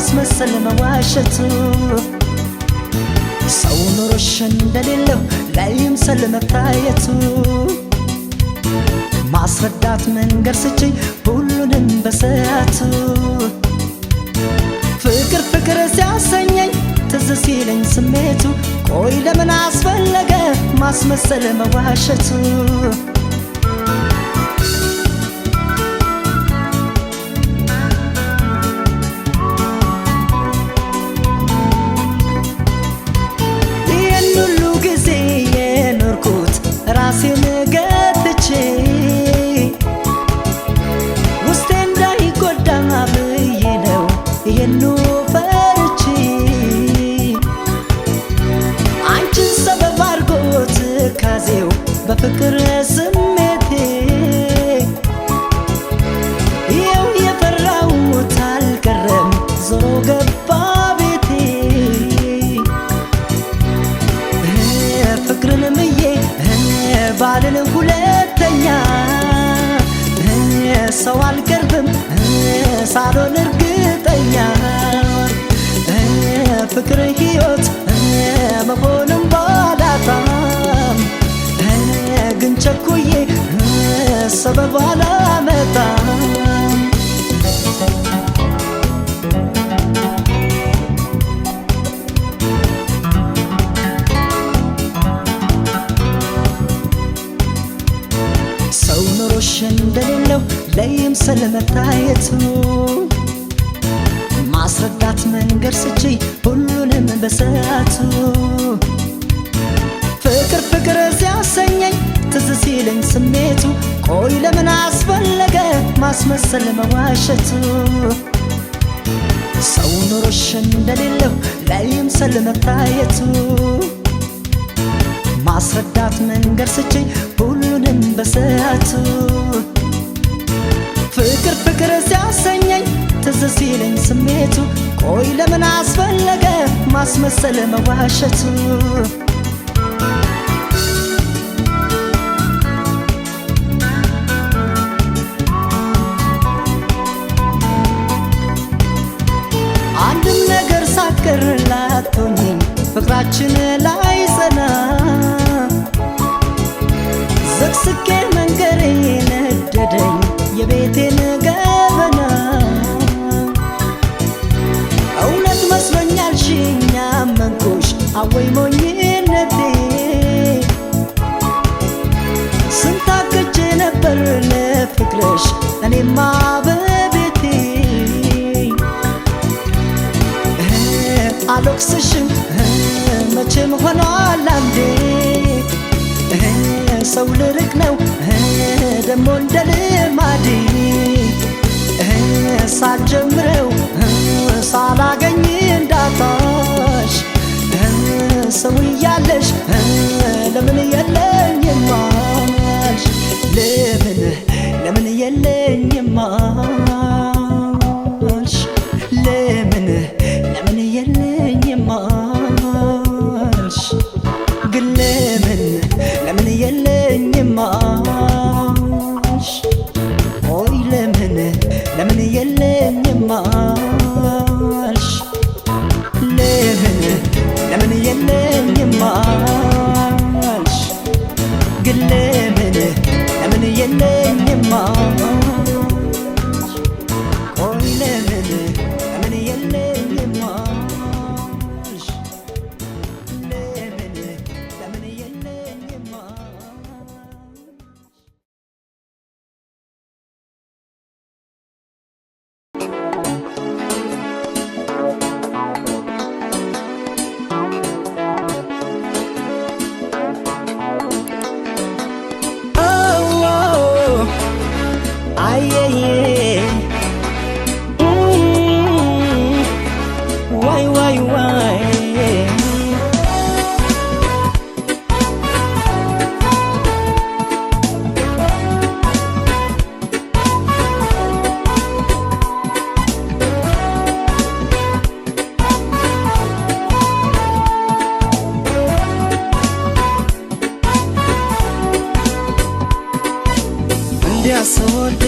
ማስመሰል መዋሸቱ ሰው ኖሮሽ እንደሌለው ላይምሰል መታየቱ ማስረዳት መንገድ ስችኝ ሁሉንም በሰዓቱ ፍቅር ፍቅር ሲያሰኘኝ ትዝ ሲለኝ ስሜቱ ቆይ ለምን አስፈለገ ማስመሰል መዋሸቱ ቅዝቃዜው በፍቅር ስሜቴ ይው የፈራሁት አልቀረም ዞሮ ገባ ቤቴ ፍቅርን ምዬ ባልን ሁለተኛ ሰው አልቀርብም ሳሎን እርግጠኛ ፍቅር ህይወት ባላመጣ ሰው ኖሮሽ እንደሌለው ለይም ስለመታየቱ ማስረዳት መንገድ ስቺ ሁሉንም በሰዓቱ ፍቅር ፍቅር ሲያሰኘኝ ትዝ ሲለኝ ስሜ ቆይ ለምን አስፈለገ ማስመሰል መዋሸቱ? ሰው ኖሮሽ እንደሌለው ላይምሰል መታየቱ ማስረዳት መንገድ ስችኝ ሁሉንም በሰዓቱ ፍቅር ፍቅር ሲያሰኘኝ ትዝ ሲለኝ ስሜቱ ቆይ ለምን አስፈለገ ማስመሰል መዋሸቱ? በላያችን ላይ ጸና ዘቅስቄ መንገሬ ነደደኝ የቤቴን ገበና እውነት መስሎኛል ሽኛ መንኮሽ አወይ ሞኝነቴ ስንታክቼ ነበር ለፍቅርሽ እኔማ በቤቴ አልወቅስሽም መቼም ሆኗል አንዴ ሰው ልርቅ ነው ደሞ እንደ ልማዴ ሳጀምረው ሳላገኝ እንዳታሽ ሰው እያለሽ ለምን የለኝ ማሽ ለምን ለምን የለኝም can live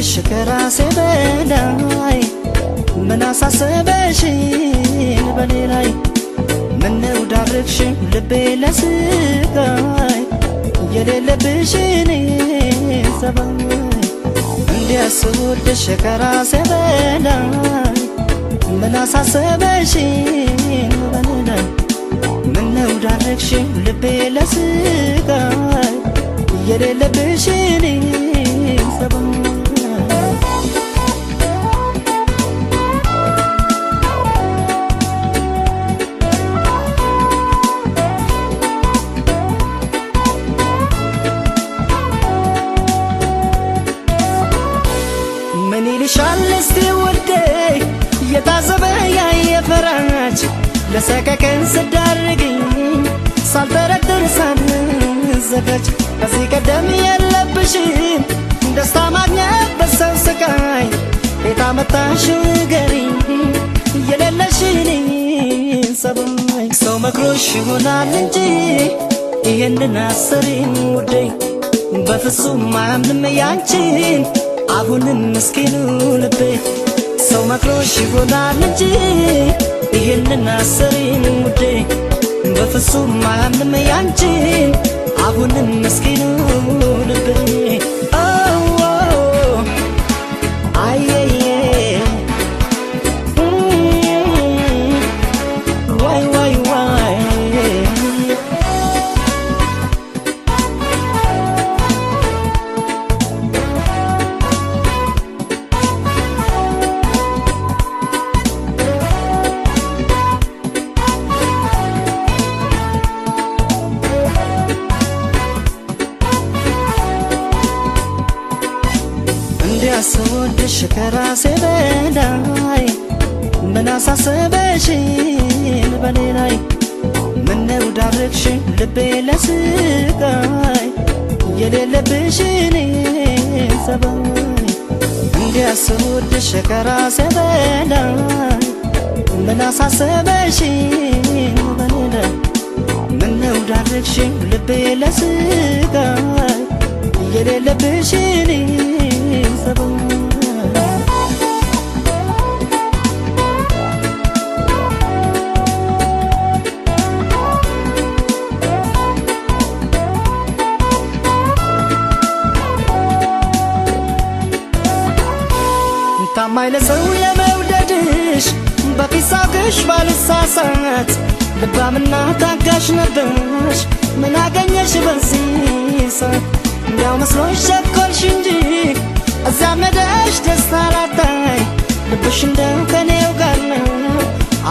ሳይሽ ከራሴ በላይ ምን አሳሰበሽን በሌላይ ምነው ልቤ ለስቃይ የሌለብሽን ሰባይ እንዲያስወድሽ ከራሴ በላይ ምን አሳሰበሽን ምነው ዳርግሽ ልቤ ለስቃይ የሌለብሽን ሰባይ ለሰቀቀን ስዳርግኝ ሳልጠረጥር ሳንዘጋጅ ከዚህ ቀደም የለብሽም ደስታ ማግኘት በሰው ስቃይ ቤታ አመጣሽ ገሪኝ የሌለሽን ሰባይ ሰው መክሮሽ ይሆናል እንጂ ይህንን አስሪም ውዴ በፍጹም ማያምንም ያንቺን አሁንም ምስኪኑ ልቤ ሰው መክሮሽ ይሆናል እንጂ ይህንን አሰሪን ውዴ በፍጹም አያምንም ያንቺ አሁንም መስኪኑ ልብን ስወድሽ ከራሴ በላይ ምን አሳሰበሽን በኔ ላይ ምነው ዳረግሽ ልቤ ለስቃይ የሌለብሽን ሰባይ እንዲያ ስወድሽ ከራሴ በላይ ምን አሳሰበሽን በኔ ላይ ምነው ዳረግሽ ልቤ ለስቃይ ባልሽ ባልሳሳት ልባምና ታጋሽ ነበርሽ። ምን አገኘሽ በዚህ ሰዓት? እንዲያው መስሎሽ ቸኮልሽ እንጂ እዚያ መደሽ ደስታ ልብሽ እንደው ከኔው ጋር ነው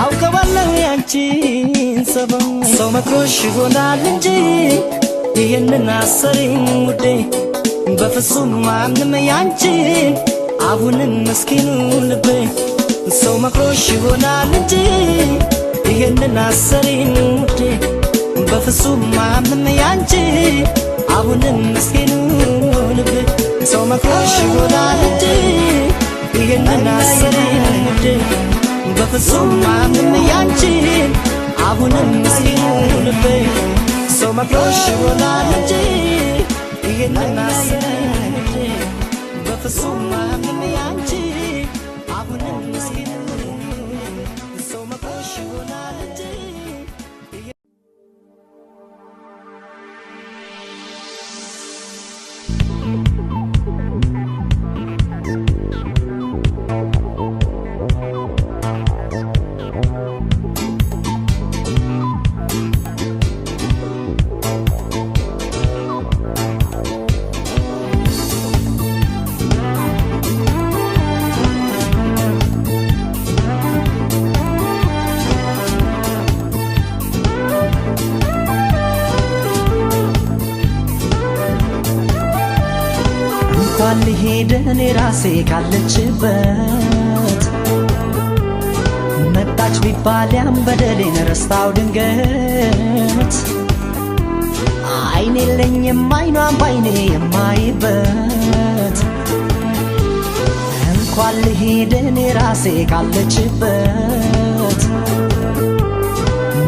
አውቀዋለሁ ያንቺን ሰበብ። ሰው መክሮሽ ይሆናል እንጂ ይህንን አሰሪኝ ውዴ በፍጹም ማንም ያንቺን አሁንም መስኪኑ ልቤ ሰው መክሮሽ ይሆናል እንጂ ይህንን አሰሪን ውዴ በፍጹም ማምንም ያንቺ አሁንም ምስኪኑ ልብ ሰው መክሮሽ ይሆናል እንጂ ይህንን አሰሪን ውዴ በፍጹም ማምንም ያንቺ አሁንም ምስኪኑ ልብ ሰው መክሮሽ ይሆናል እንጂ ይህንን አሰሪን ውዴ በፍጹም ካለችበት መጣች ቢባል ያም በደሌን ረስታው ድንገት አይኔ ለኝ የማይኗም ባይኔ የማይበት እንኳን ልሄድ ራሴ ካለችበት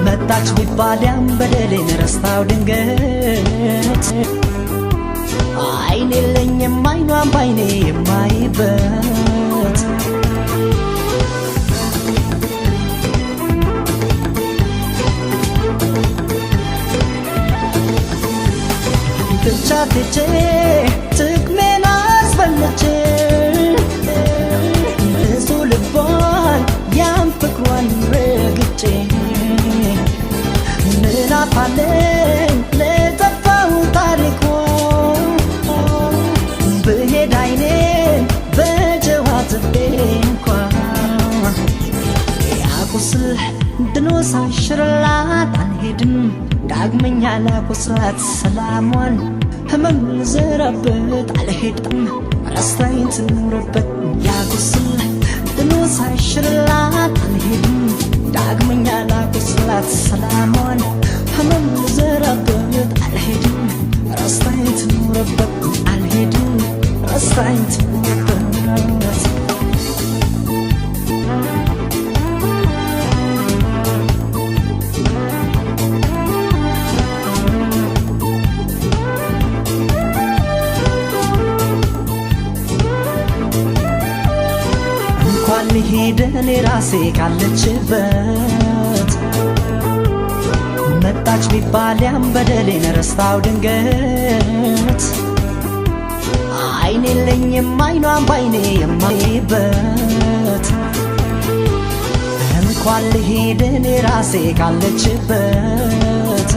መጣች ቢባል ያም በደሌን ረስታው ድንገት አይኔ ለኝም አይኗም ባይኔ የማይበት ትቻትቼ ትክሜን አስበልቼ ብዙ ልቧን ያን ፍቅሯን ረግጬ ምን የአናኮት ስርዓት ሰላሟን ህመም ዘረበት አልሄድም ራስታይን ትኑርበት ያጎስል ድኖ ሳይሽርላት አልሄድም ዳግመኛ አናኮት ሰላሟን ህመም ዘረበት አልሄድም ራስታይን ትኑርበት አልሄድም ራስታይን ልሂድ እኔ ራሴ ካለችበት መጣች ቢባል ያም በደሌን ረስታው ድንገት አይኔ ለኝም አይኗን ባይኔ የማይበት እንኳን ልሂድ እኔ ራሴ ካለችበት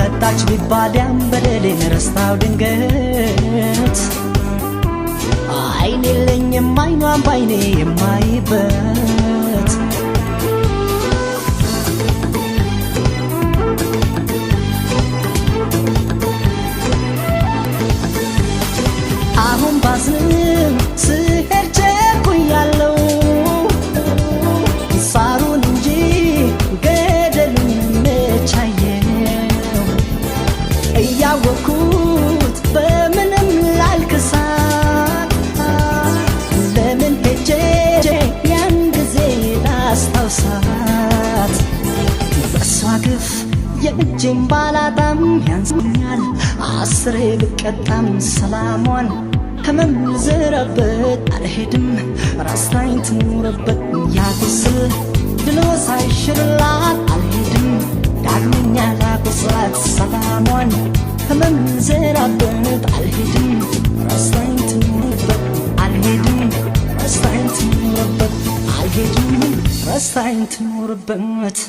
መጣች ቢባል ያም በደሌን ረስታው ድንገት አይኔ ለኝ የማይኗን ባይኔ የማይበት አሁን ባዝን አልቀጣም ሰላሟን ተመምዝረበት አልሄድም ራስታኝ ትኑረበት ያጉስል ድሎ ሳይሽርላት አልሄድም ዳግመኛ ላቁስላት ሰላሟን ተመምዝረበት አልሄድም ራስታኝ ትኑረበት አልሄድም ራስታኝ ትኑረበት አልሄድም ራስታኝ ትኑረበት